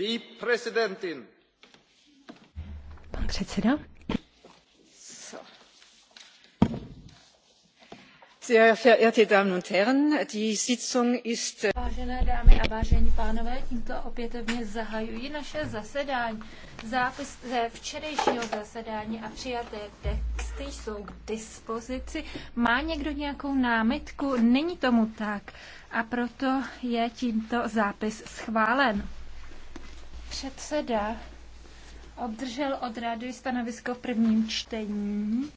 Die Präsidentin. Pan předseda. Äh, Vážené dámy a vážení pánové, tímto opětovně zahajuji naše zasedání. Zápis ze včerejšího zasedání a přijaté texty jsou k dispozici. Má někdo nějakou námitku? Není tomu tak. A proto je tímto zápis schválen předseda obdržel od rady stanovisko v prvním čtení.